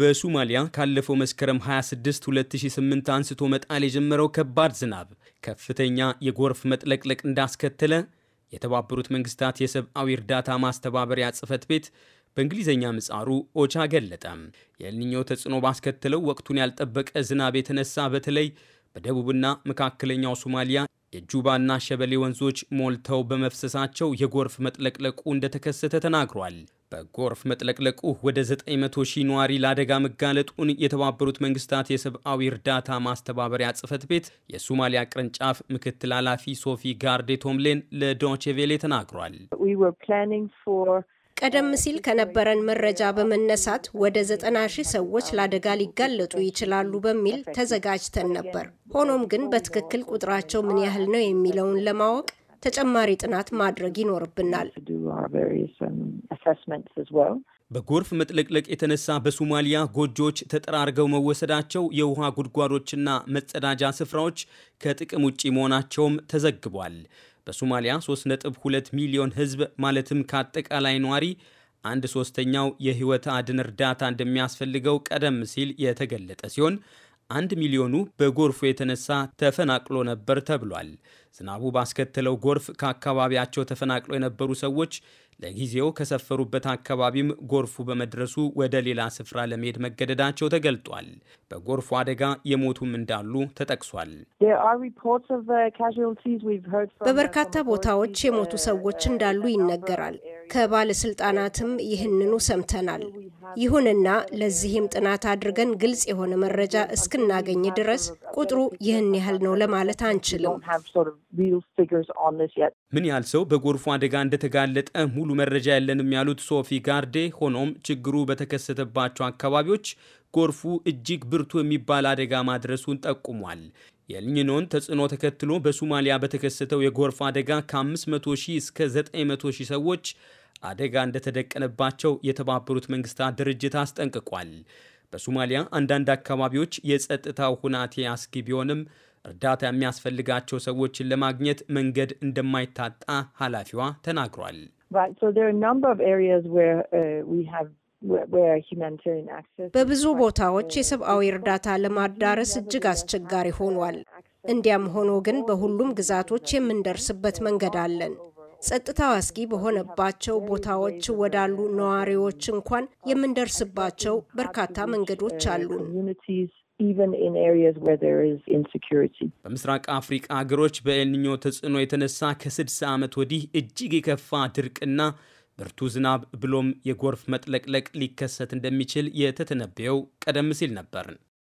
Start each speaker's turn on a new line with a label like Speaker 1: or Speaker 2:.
Speaker 1: በሱማሊያ ካለፈው መስከረም 26 2008 አንስቶ መጣል የጀመረው ከባድ ዝናብ ከፍተኛ የጎርፍ መጥለቅለቅ እንዳስከተለ የተባበሩት መንግስታት የሰብአዊ እርዳታ ማስተባበሪያ ጽህፈት ቤት በእንግሊዝኛ ምጻሩ ኦቻ ገለጠ። የኤልኒኞ ተጽዕኖ ባስከተለው ወቅቱን ያልጠበቀ ዝናብ የተነሳ በተለይ በደቡብና መካከለኛው ሶማሊያ የጁባና ሸበሌ ወንዞች ሞልተው በመፍሰሳቸው የጎርፍ መጥለቅለቁ እንደተከሰተ ተናግሯል። በጎርፍ መጥለቅለቁ ወደ 900 ሺህ ነዋሪ ለአደጋ መጋለጡን የተባበሩት መንግስታት የሰብአዊ እርዳታ ማስተባበሪያ ጽህፈት ቤት የሶማሊያ ቅርንጫፍ ምክትል ኃላፊ ሶፊ ጋርዴ ቶምሌን ለዶቼ ቬሌ ተናግሯል።
Speaker 2: ቀደም ሲል ከነበረን መረጃ በመነሳት ወደ 90 ሺህ ሰዎች ለአደጋ ሊጋለጡ ይችላሉ በሚል ተዘጋጅተን ነበር። ሆኖም ግን በትክክል ቁጥራቸው ምን ያህል ነው የሚለውን ለማወቅ ተጨማሪ ጥናት ማድረግ ይኖርብናል።
Speaker 1: um, በጎርፍ መጥለቅለቅ የተነሳ በሶማሊያ ጎጆዎች ተጠራርገው መወሰዳቸው፣ የውሃ ጉድጓዶችና መጸዳጃ ስፍራዎች ከጥቅም ውጪ መሆናቸውም ተዘግቧል። በሶማሊያ 3.2 ሚሊዮን ሕዝብ ማለትም ከአጠቃላይ ነዋሪ አንድ ሶስተኛው የህይወት አድን እርዳታ እንደሚያስፈልገው ቀደም ሲል የተገለጠ ሲሆን አንድ ሚሊዮኑ በጎርፉ የተነሳ ተፈናቅሎ ነበር ተብሏል። ዝናቡ ባስከተለው ጎርፍ ከአካባቢያቸው ተፈናቅለው የነበሩ ሰዎች ለጊዜው ከሰፈሩበት አካባቢም ጎርፉ በመድረሱ ወደ ሌላ ስፍራ ለመሄድ መገደዳቸው ተገልጧል። በጎርፉ አደጋ የሞቱም እንዳሉ ተጠቅሷል።
Speaker 2: በበርካታ ቦታዎች የሞቱ ሰዎች እንዳሉ ይነገራል። ከባለስልጣናትም ይህንኑ ሰምተናል። ይሁንና ለዚህም ጥናት አድርገን ግልጽ የሆነ መረጃ እስክናገኝ ድረስ ቁጥሩ ይህን ያህል ነው ለማለት አንችልም።
Speaker 1: ምን ያህል ሰው በጎርፉ አደጋ እንደተጋለጠ ሙሉ መረጃ የለንም ያሉት ሶፊ ጋርዴ፣ ሆኖም ችግሩ በተከሰተባቸው አካባቢዎች ጎርፉ እጅግ ብርቱ የሚባል አደጋ ማድረሱን ጠቁሟል። የኤልኒኖን ተጽዕኖ ተከትሎ በሱማሊያ በተከሰተው የጎርፍ አደጋ ከ500 ሺህ እስከ 900 ሺህ ሰዎች አደጋ እንደተደቀነባቸው የተባበሩት መንግስታት ድርጅት አስጠንቅቋል። በሶማሊያ አንዳንድ አካባቢዎች የጸጥታው ሁናቴ አስጊ ቢሆንም እርዳታ የሚያስፈልጋቸው ሰዎችን ለማግኘት መንገድ እንደማይታጣ ኃላፊዋ ተናግሯል።
Speaker 2: uh, በብዙ ቦታዎች የሰብአዊ እርዳታ ለማዳረስ እጅግ አስቸጋሪ ሆኗል። እንዲያም ሆኖ ግን በሁሉም ግዛቶች የምንደርስበት መንገድ አለን። ጸጥታው አስጊ በሆነባቸው ቦታዎች ወዳሉ ነዋሪዎች እንኳን የምንደርስባቸው በርካታ መንገዶች አሉን።
Speaker 1: በምስራቅ አፍሪቃ ሀገሮች በኤልኒኞ ተጽዕኖ የተነሳ ከ ዓመት ወዲህ እጅግ የከፋ ድርቅና ብርቱ ዝናብ ብሎም የጎርፍ መጥለቅለቅ ሊከሰት እንደሚችል የተተነበየው ቀደም ሲል ነበርን።